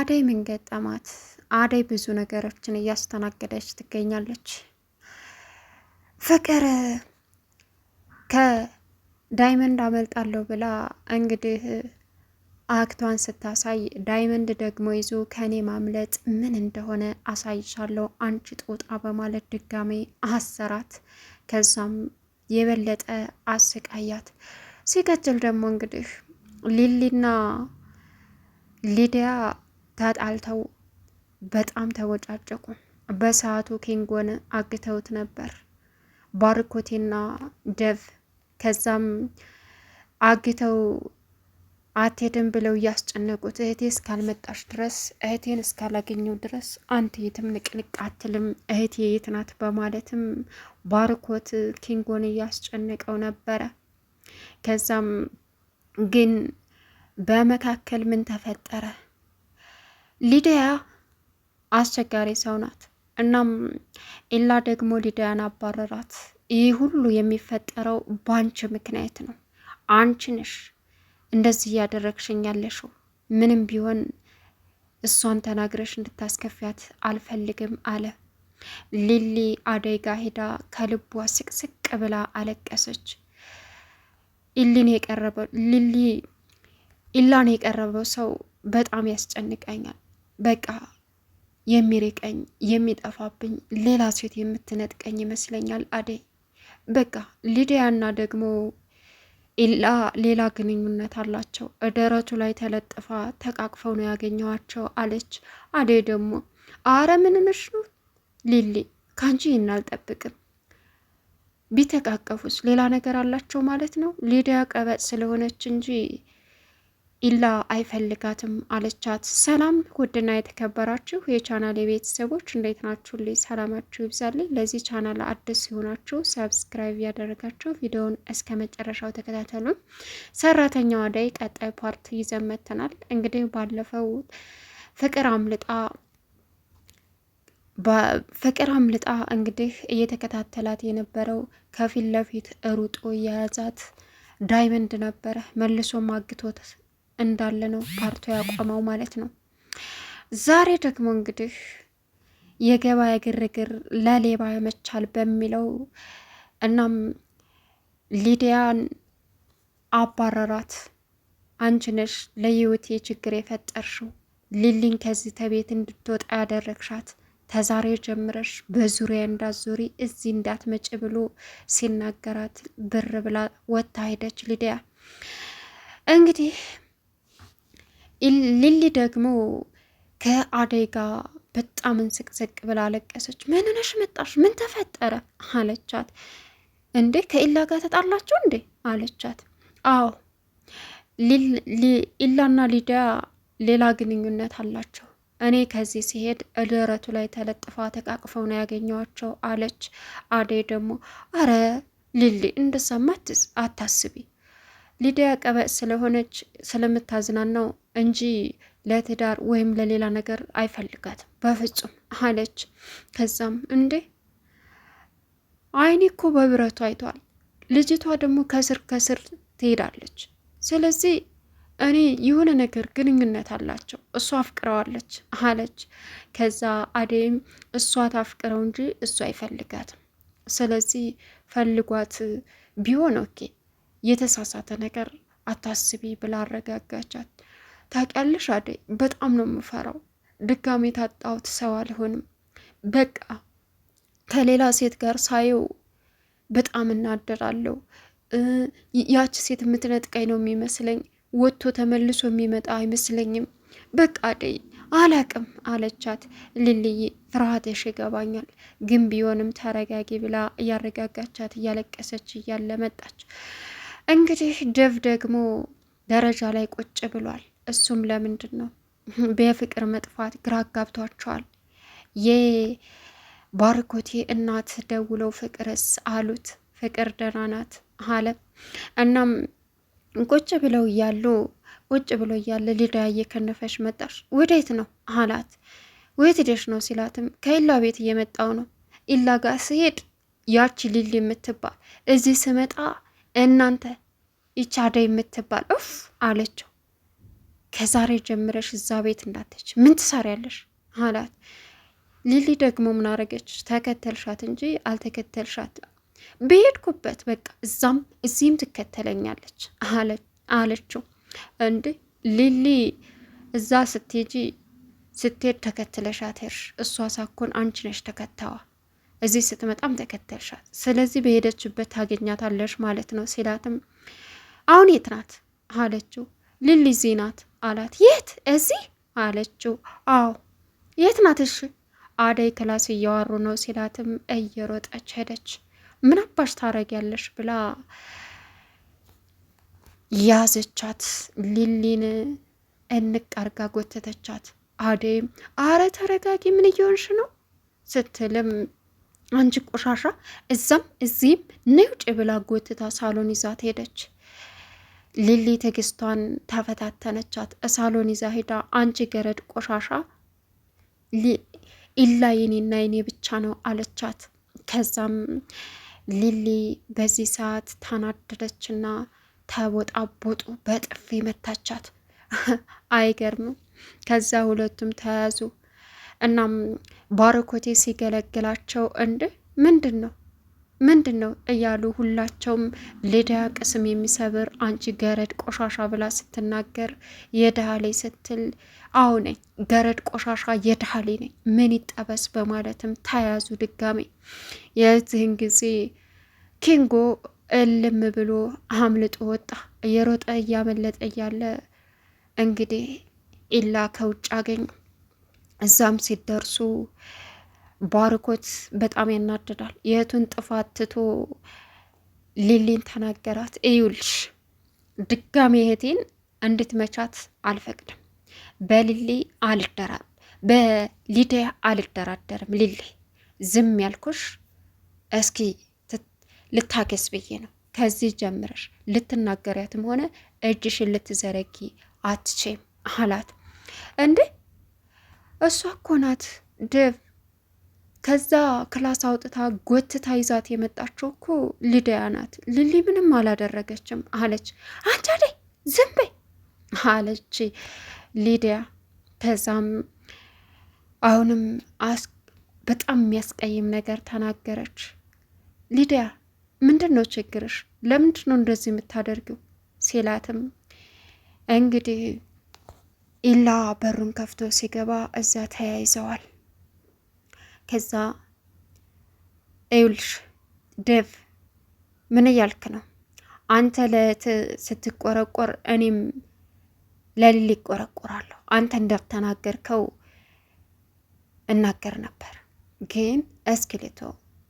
አደይ ምን ገጠማት? አደይ ብዙ ነገሮችን እያስተናገደች ትገኛለች። ፍቅር ከዳይመንድ አመልጣለሁ ብላ እንግዲህ አክቷን ስታሳይ ዳይመንድ ደግሞ ይዞ ከኔ ማምለጥ ምን እንደሆነ አሳይሻለሁ አንቺ ጦጣ በማለት ድጋሜ አሰራት። ከዛም የበለጠ አስቃያት። ሲቀጥል ደግሞ እንግዲህ ሊሊና ሊዲያ ተጣልተው በጣም ተወጫጨቁ። በሰዓቱ ኪንጎን አግተውት ነበር ባርኮቴና ደቭ። ከዛም አግተው አትሄድም ብለው እያስጨነቁት እህቴ እስካልመጣሽ ድረስ እህቴን እስካላገኘው ድረስ አንተ የትም ንቅንቅ አትልም፣ እህቴ የት ናት? በማለትም ባርኮት ኪንጎን እያስጨነቀው ነበረ። ከዛም ግን በመካከል ምን ተፈጠረ? ሊዲያ አስቸጋሪ ሰው ናት። እናም ኤላ ደግሞ ሊዲያን አባረራት። ይህ ሁሉ የሚፈጠረው በአንቺ ምክንያት ነው። አንቺ ነሽ እንደዚህ እያደረግሽኝ ያለሽው። ምንም ቢሆን እሷን ተናግረሽ እንድታስከፊያት አልፈልግም አለ። ሊሊ አደይ ጋ ሄዳ ከልቧ ስቅስቅ ብላ አለቀሰች። ኢሊን የቀረበው ሊሊ ኢላን የቀረበው ሰው በጣም ያስጨንቀኛል በቃ የሚርቀኝ የሚጠፋብኝ ሌላ ሴት የምትነጥቀኝ ይመስለኛል። አደይ በቃ ሊዲያና ደግሞ ኢላ ሌላ ግንኙነት አላቸው። ደረቱ ላይ ተለጥፋ ተቃቅፈው ነው ያገኘዋቸው አለች። አደይ ደግሞ አረ ምንምሽ ነው ሊሊ፣ ካንቺ ይህን አልጠብቅም። ቢተቃቀፉስ ሌላ ነገር አላቸው ማለት ነው። ሊዲያ ቀበጥ ስለሆነች እንጂ ኢላ አይፈልጋትም አለቻት። ሰላም ውድና የተከበራችሁ የቻናል የቤተሰቦች እንዴት ናችሁልኝ? ሰላማችሁ ይብዛልኝ። ለዚህ ቻናል አዲስ ሲሆናችሁ ሰብስክራይብ ያደረጋችሁ ቪዲዮውን እስከ መጨረሻው ተከታተሉ። ሰራተኛዋ አደይ ቀጣይ ፓርት ይዘን መጥተናል። እንግዲህ ባለፈው ፍቅር አምልጣ በፍቅር አምልጣ እንግዲህ እየተከታተላት የነበረው ከፊት ለፊት ሩጦ የያዛት ዳይመንድ ነበረ። መልሶ ማግቶት እንዳለ ነው ፓርቶ ያቆመው ማለት ነው። ዛሬ ደግሞ እንግዲህ የገበያ ግርግር ለሌባ ያመቻል በሚለው እናም ሊዲያን አባረራት። አንቺ ነሽ ለህይወቴ ችግር የፈጠርሽው ሊሊን ከዚህ ተቤት እንድትወጣ ያደረግሻት ተዛሬ ጀምረሽ በዙሪያ እንዳትዞሪ እዚህ እንዳትመጭ ብሎ ሲናገራት ብር ብላ ወታ ሄደች ሊዲያ እንግዲህ ሊሊ ደግሞ ከአደይ ጋር በጣም እንስቅስቅ ብላ አለቀሰች። ምን ሆነሽ መጣሽ? ምን ተፈጠረ አለቻት። እንዴ ከኢላ ጋር ተጣላችሁ እንዴ አለቻት። አዎ ኢላና ሊዲያ ሌላ ግንኙነት አላቸው። እኔ ከዚህ ሲሄድ እደረቱ ላይ ተለጥፋ ተቃቅፈው ነው ያገኘዋቸው አለች። አደይ ደግሞ አረ ሊሊ እንደሰማ አታስቢ ሊዲያ ቀበጥ ስለሆነች ስለምታዝናናው እንጂ ለትዳር ወይም ለሌላ ነገር አይፈልጋትም በፍጹም አለች። ከዛም እንዴ አይኔ እኮ በብረቱ አይቷል። ልጅቷ ደግሞ ከስር ከስር ትሄዳለች። ስለዚህ እኔ የሆነ ነገር ግንኙነት አላቸው፣ እሷ አፍቅረዋለች አለች። ከዛ አደይም እሷ ታፍቅረው እንጂ እሱ አይፈልጋትም። ስለዚህ ፈልጓት ቢሆን ኦኬ የተሳሳተ ነገር አታስቢ ብላ አረጋጋቻት። ታውቂያለሽ አደይ በጣም ነው የምፈራው፣ ድጋሜ ታጣሁት ሰው አልሆንም። በቃ ከሌላ ሴት ጋር ሳየው በጣም እናደራለሁ። ያች ሴት የምትነጥቀኝ ነው የሚመስለኝ፣ ወጥቶ ተመልሶ የሚመጣ አይመስለኝም። በቃ አደይ አላቅም አለቻት። ልልይ ፍርሃትሽ ይገባኛል፣ ግን ቢሆንም ተረጋጊ ብላ እያረጋጋቻት እያለቀሰች እያለ መጣች። እንግዲህ ደቭ ደግሞ ደረጃ ላይ ቁጭ ብሏል። እሱም ለምንድን ነው በፍቅር መጥፋት ግራ ጋብቷቸዋል። የባርኮቴ እናት ደውለው ፍቅርስ አሉት። ፍቅር ደህና ናት አለ። እናም ቁጭ ብለው እያሉ ቁጭ ብሎ እያለ ሊዳ እየከነፈች መጣች። ወዴት ነው አላት። ወዴት ሄደሽ ነው ሲላትም ከኢላ ቤት እየመጣው ነው። ኢላ ጋር ስሄድ ያቺ ሊል የምትባል እዚህ ስመጣ እናንተ ይቺ አደይ የምትባል እፍ አለችው። ከዛሬ ጀምረሽ እዛ ቤት እንዳተች ምን ትሰሪያለሽ አላት። ሊሊ ደግሞ ምን አረገች? ተከተልሻት እንጂ አልተከተልሻት በሄድኩበት በቃ እዛም እዚህም ትከተለኛለች አለችው። እንዴ ሊሊ እዛ ስትሄጂ ስትሄድ ተከትለሻት ሄድሽ፣ እሷ ሳኮን አንቺ ነሽ ተከተዋ፣ እዚህ ስትመጣም ተከተልሻት፣ ስለዚህ በሄደችበት ታገኛታለሽ ማለት ነው ሲላትም አሁን የት ናት አለችው። ልል እዚህ ናት አላት። የት እዚህ አለችው። አዎ የት ናት? እሺ አደይ ክላስ እያዋሩ ነው ሲላትም እየሮጠች ሄደች። ምን አባሽ ታረጊያለሽ ብላ ያዘቻት። ሊሊን እንቃርጋ ጎተተቻት። አደይም አረ ተረጋጊ፣ ምን እየሆንሽ ነው ስትልም አንቺ ቆሻሻ እዛም እዚህም ነይ ውጭ ብላ ጎትታ ሳሎን ይዛት ሄደች። ሊሊ ትዕግስቷን ተፈታተነቻት። እሳሎን ይዛ ሄዳ አንቺ ገረድ ቆሻሻ ኢላ የኔና የኔ ብቻ ነው አለቻት። ከዛም ሊሊ በዚህ ሰዓት ታናደደችና ተቦጣቦጡ በጥፊ መታቻት። አይገርምም? ከዛ ሁለቱም ተያያዙ። እናም ባርኮቴ ሲገለግላቸው እንዴ ምንድን ነው ምንድን ነው እያሉ ሁላቸውም ልዳ ቅስም የሚሰብር አንቺ ገረድ ቆሻሻ ብላ ስትናገር የድሃ ላይ ስትል አዎ ነኝ ገረድ ቆሻሻ የድሃ ላይ ነኝ ምን ይጠበስ በማለትም ተያዙ ድጋሜ። የዚህን ጊዜ ኪንጎ እልም ብሎ አምልጦ ወጣ። እየሮጠ እያመለጠ እያለ እንግዲህ ኢላ ከውጭ አገኙ። እዛም ሲደርሱ ባርኮት በጣም ያናድዳል። የእህቱን ጥፋት ትቶ ሊሊን ተናገራት። እዩልሽ ድጋሜ እህቴን እንድትመቻት አልፈቅድም። በሊሊ አልደራ በሊዲያ አልደራደርም። ሊሊ ዝም ያልኩሽ እስኪ ልታገስ ብዬ ነው። ከዚህ ጀምረሽ ልትናገሪያትም ሆነ እጅሽን ልትዘረጊ አትቼም አላት። እንዴ እሷ እኮ ናት ከዛ ክላስ አውጥታ ጎትታ ይዛት የመጣችው እኮ ሊዲያ ናት። ሊሊ ምንም አላደረገችም አለች። አንቺ ዝምበይ ዝም በይ አለች ሊዲያ። ከዛም አሁንም በጣም የሚያስቀይም ነገር ተናገረች። ሊዲያ ምንድን ነው ችግርሽ? ለምንድን ነው እንደዚህ የምታደርጊው? ሲላትም እንግዲህ ኢላ በሩን ከፍቶ ሲገባ እዛ ተያይዘዋል። ከዛ ኤውልሽ ዴቭ ምን እያልክ ነው? አንተ ለት ስትቆረቆር እኔም ለሊል ይቆረቆራለሁ። አንተ እንዳተናገርከው እናገር ነበር፣ ግን እስክሌቶ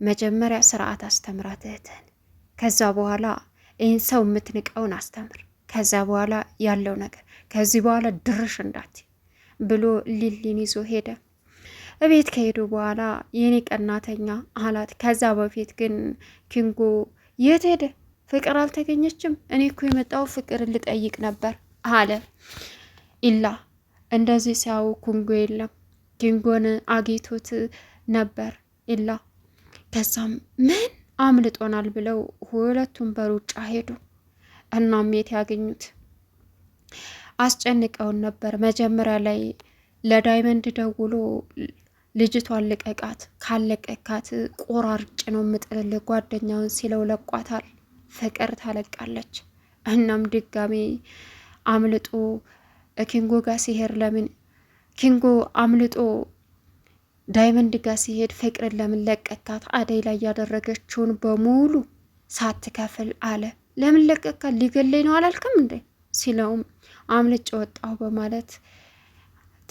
መጀመሪያ ስርዓት አስተምራት እህትህን። ከዛ በኋላ ይህን ሰው የምትንቀውን አስተምር። ከዛ በኋላ ያለው ነገር ከዚህ በኋላ ድርሽ እንዳት ብሎ ሊሊን ይዞ ሄደ። እቤት ከሄዱ በኋላ የኔ ቀናተኛ አላት። ከዛ በፊት ግን ኪንጎ የት ሄደ? ፍቅር አልተገኘችም? እኔ እኮ የመጣው ፍቅር ልጠይቅ ነበር አለ ኢላ። እንደዚህ ሲያው ኩንጎ የለም ኪንጎን አግኝቶት ነበር ኢላ። ከዛም ምን አምልጦናል ብለው ሁለቱም በሩጫ ሄዱ። እናም የት ያገኙት አስጨንቀውን ነበር መጀመሪያ ላይ ለዳይመንድ ደውሎ ልጅቷን ልቀቃት፣ ካለቀካት ቆራርጭ ነው የምጥልልህ ጓደኛውን ሲለው ለቋታል። ፍቅር ታለቃለች። እናም ድጋሜ አምልጦ ኪንጎ ጋር ሲሄድ ለምን ኪንጎ አምልጦ ዳይመንድ ጋር ሲሄድ ፍቅርን ለምን ለቀካት? አደይ ላይ ያደረገችውን በሙሉ ሳትከፍል አለ። ለምን ለቀካት? ሊገለኝ ነው አላልክም እንዴ? ሲለውም አምልጭ ወጣሁ በማለት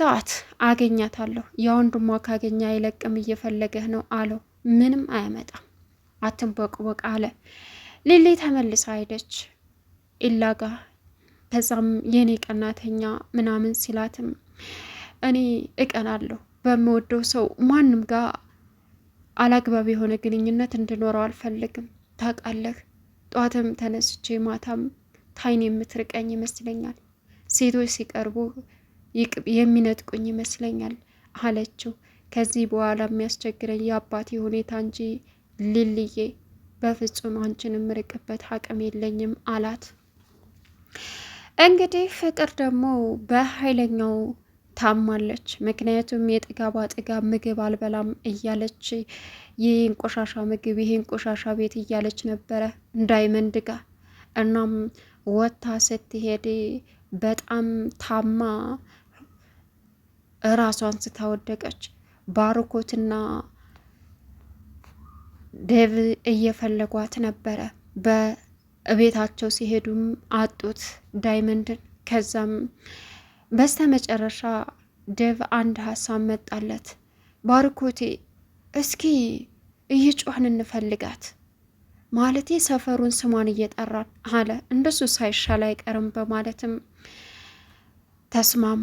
ተዋት፣ አገኛታለሁ። የወንድሟ ካገኘ አይለቅም፣ እየፈለገህ ነው አለው። ምንም አያመጣም፣ አትንቦቅቦቅ አለ። ሊሊ ተመልሳ ሄደች ኢላጋ ከዛም የእኔ ቀናተኛ ምናምን ሲላትም እኔ እቀናለሁ በምወደው ሰው ማንም ጋር አላግባብ የሆነ ግንኙነት እንድኖረው አልፈልግም። ታውቃለህ፣ ጧትም ተነስቼ ማታም ታይን የምትርቀኝ ይመስለኛል። ሴቶች ሲቀርቡ የሚነጥቁኝ ይመስለኛል አለችው። ከዚህ በኋላ የሚያስቸግረኝ የአባቴ ሁኔታ እንጂ ልልዬ በፍጹም አንቺን የምርቅበት አቅም የለኝም አላት። እንግዲህ ፍቅር ደግሞ በኃይለኛው ታማለች። ምክንያቱም የጥጋባ ጥጋብ ምግብ አልበላም እያለች ይህን ቆሻሻ ምግብ ይህን ቆሻሻ ቤት እያለች ነበረ ዳይመንድ ጋ። እናም ወታ ስትሄድ በጣም ታማ እራሷን ስታወደቀች ባርኮትና ዴቭ እየፈለጓት ነበረ። በቤታቸው ሲሄዱም አጡት ዳይመንድን። ከዛም በስተ መጨረሻ ዴቭ አንድ ሀሳብ መጣለት። ባርኮቴ እስኪ እየጮህን እንፈልጋት ማለት ሰፈሩን ስሟን እየጠራን አለ። እንደሱ ሳይሻል አይቀርም በማለትም ተስማሙ።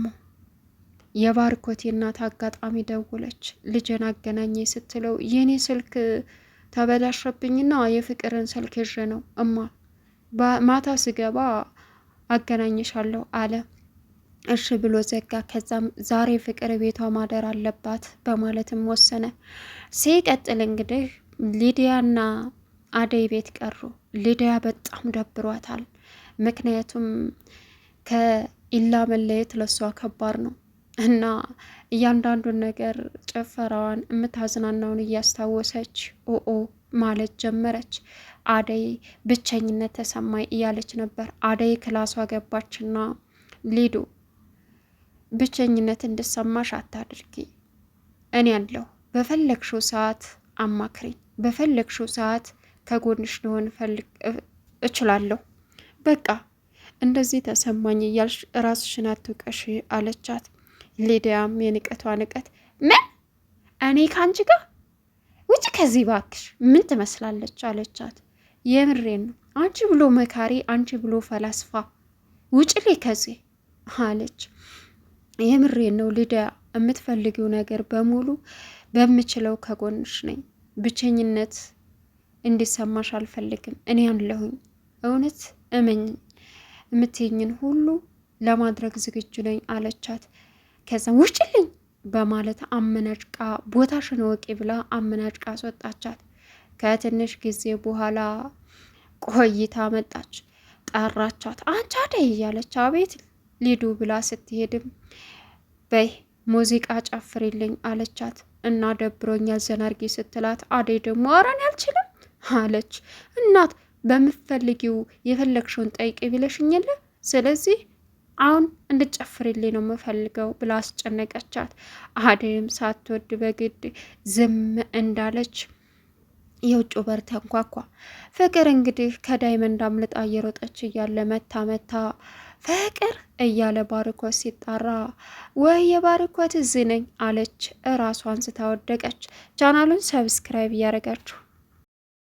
የባርኮቴ እናት አጋጣሚ ደውለች። ልጄን አገናኘ ስትለው የኔ ስልክ ተበላሸብኝና የፍቅርን ስልክ ይዤ ነው እማ ማታ ስገባ አገናኝሻለሁ አለ። እሺ ብሎ ዘጋ። ከዛም ዛሬ ፍቅር ቤቷ ማደር አለባት በማለትም ወሰነ። ሲቀጥል እንግዲህ ሊዲያና አደይ ቤት ቀሩ። ሊዲያ በጣም ደብሯታል። ምክንያቱም ከኢላ መለየት ለሷ ከባድ ነው። እና እያንዳንዱን ነገር ጭፈራዋን የምታዝናናውን እያስታወሰች ኦኦ ማለት ጀመረች። አደይ ብቸኝነት ተሰማኝ እያለች ነበር። አደይ ክላሷ ገባችና ሊዱ ብቸኝነት እንድሰማሽ አታድርጊ፣ እኔ ያለሁ በፈለግሽው ሰዓት አማክሪኝ፣ በፈለግሽው ሰዓት ከጎንሽ ልሆን እችላለሁ። በቃ እንደዚህ ተሰማኝ እያልሽ ራስሽን አትውቀሽ አለቻት። ሊዲያም የንቀቷ ንቀት ምን እኔ ከአንቺ ጋር ውጭ ከዚህ ባክሽ ምን ትመስላለች አለቻት። የምሬን ነው አንቺ ብሎ መካሪ፣ አንቺ ብሎ ፈላስፋ ውጭሌ ከዚህ አለች። የምሬን ነው ሊዲያ፣ የምትፈልጊው ነገር በሙሉ በምችለው ከጎንሽ ነኝ። ብቸኝነት እንዲሰማሽ አልፈልግም። እኔ አለሁኝ። እውነት እመኝ፣ የምትይኝን ሁሉ ለማድረግ ዝግጁ ነኝ አለቻት። ከዛ ውጭልኝ በማለት አመናጭቃ ቦታሽን ወቂ ብላ አመናጭቃ አስወጣቻት። ከትንሽ ጊዜ በኋላ ቆይታ መጣች። ጠራቻት። አንቺ አደይ እያለች አቤት ሊዱ ብላ ስትሄድም በይ ሙዚቃ ጨፍሪልኝ አለቻት። እና ደብሮኛል ዘና ስትላት አደይ ደግሞ አረን አልችልም አለች። እናት በምትፈልጊው የፈለግሽውን ጠይቅ ብለሽኛል ስለዚህ አሁን እንድጨፍርልኝ ነው የምፈልገው ብላ አስጨነቀቻት። አደይም ሳትወድ በግድ ዝም እንዳለች የውጭ በር ተንኳኳ። ፍቅር እንግዲህ ከዳይመንድ አምልጣ እየሮጠች እያለ መታ መታ ፍቅር እያለ ባርኮት ሲጣራ ወይ የባርኮት እዚህ ነኝ አለች። እራሷን ስታወደቀች። ቻናሉን ሰብስክራይብ እያደረጋችሁ